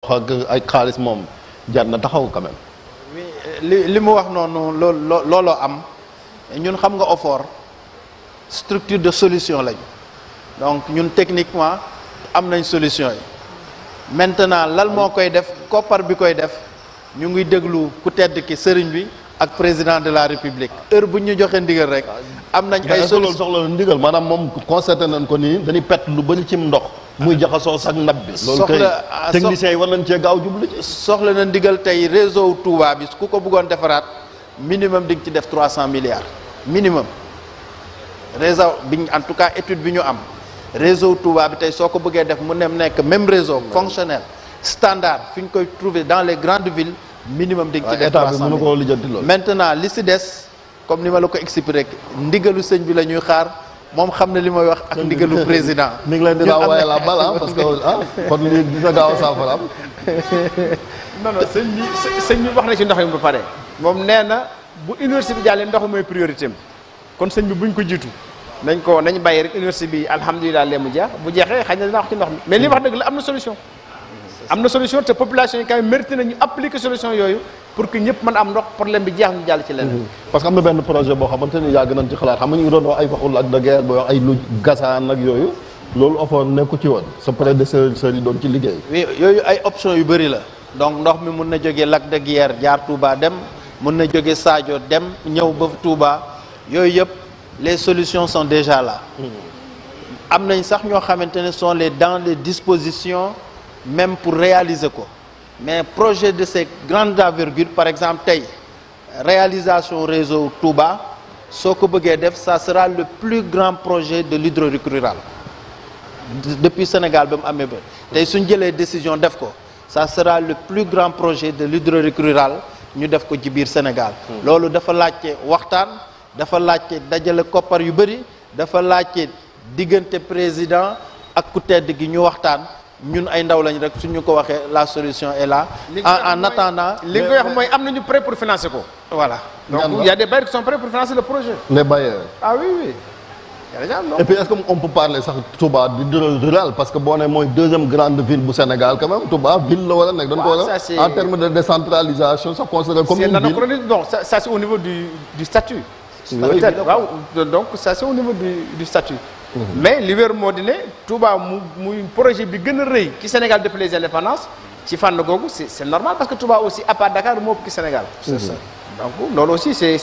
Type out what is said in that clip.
ak ay xaalis moom jar na taxaw quand même. oui li li mu wax noonu loolu looloo am ñun xam nga OFOR structure de solution lañu donc ñun techniquement am nañ solution yi maintenant lan moo koy def koppar bi koy def ñu ngi déglu ku tedd ki sëriñ bi ak président de la république heure bu ñu joxee ndigal rek. am nañu ay solution soxla ndigal maanaam moom constaté nañ ko nii dañuy pet lu ci mu ndox. muy jaxasoo sax ndab bi. loolu kay ah, techniciens yi war nañ cee gaaw jublu ci. soxla na ndigal tey réseau Touba bi ku ko bëggoon defaraat minimum di nga ci def trois cent milliards minimum réseau bi en tout cas étude bi ñu am réseau Touba bi tey soo ko bëggee def mu nem nekk même réseau fonctionnel standard fi ñu koy trouver dans les grandes villes minimum di nga ci def trois cent milliards maintenant li si des comme ni ma la ko expliqué ndigalu sëñ bi la ñuy xaar. moom xam na li may wax ak ndigalu président. mi ngi leen di la waaye la bala ah, parce que ah kon lii dina gaaw a saafara am. non non sëñ bi sëñ bi wax na ci ndox mi ba pare. moom nee na bu université bi jàllee ndox mooy priorité kon sëñ bi buñ ko jiitu nañ ko nañ bàyyi rek université bi alhamdulilah lee mu jeex bu jeexee xëy na dinaa wax ci ndox mi mais li wax dëgg la am na solution. am na solution te population yi quand même mérité nañu appliquer solution yooyu pour que ñëpp mën am ndox problème bi jeex ñu jàll ci leneen mhm. parce que am na benn projet boo xamante ni yàgg nañ ci xalaat xam nga ñu ngi doon wax ay waxul ak de guerre booy wax ay lu gasaan ak yooyu loolu ofoon nekku ci woon sa prédécesseur seur yi doon ci liggéey yooyu ay option yu bëri la donc ndox mi mun na jógee lac de Guiers jaar Touba dem mun na jóge Sadio dem ñëw ba Touba yooyu yëpp les solutions sont déjà la mhm. am nañ sax ñoo xamante ne sont les dans les dispositions même pour réaliser ko mais projet de ces grandes envergure par exemple tey réalisation réseau Touba soo ko bëggee def ça sera le plus grand projet de l'hydraulique rurale depuis Sénégal ba mu amee ba tey suñ jëlee décision def ko ça sera le plus grand projet de l'hydraulique rurale ñu def ko ci biir Sénégal hmm. loolu dafa laajte waxtaan dafa laajte dajale koppar yu bëri dafa laajte diggante président ak ku tedd gi ñu waxtaan ñun ay ndaw lañ rek suñu ko waxee la solution est la en attendant li nga wax mooy am nañu prêt pour financer ko. voilà donc il y a des bailleurs qui sont prêts pour financer le projet. les bailleurs. ah oui oui. et puis est-ce que on peut parler sax Touba du rural parce que boo mooy deuxième grande ville bu Sénégal quand même ville la war a nekk. a en termes de décentralisation ça considère comme une ville bon ça c'est au niveau du statut. oui waaw donc ça c'est au niveau du Mhm. mais li wér moo di ne Touba mu projet bi gën a rëy ci Sénégal depuis les indépendances ci fànn googu c'est normal parce que Touba aussi à par Dakar moo ëpp ci Sénégal. c'est ça mhm. donc loolu aussi c'est